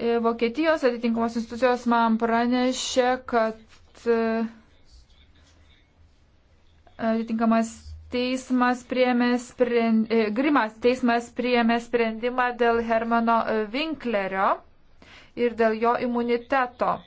E, Vokietijos atitinkamos institucijos man pranešė, kad e, atitinkamas teismas priėmė sprend... E, grimas teismas priėmė sprendimą dėl Hermano Winklerio ir dėl jo imuniteto.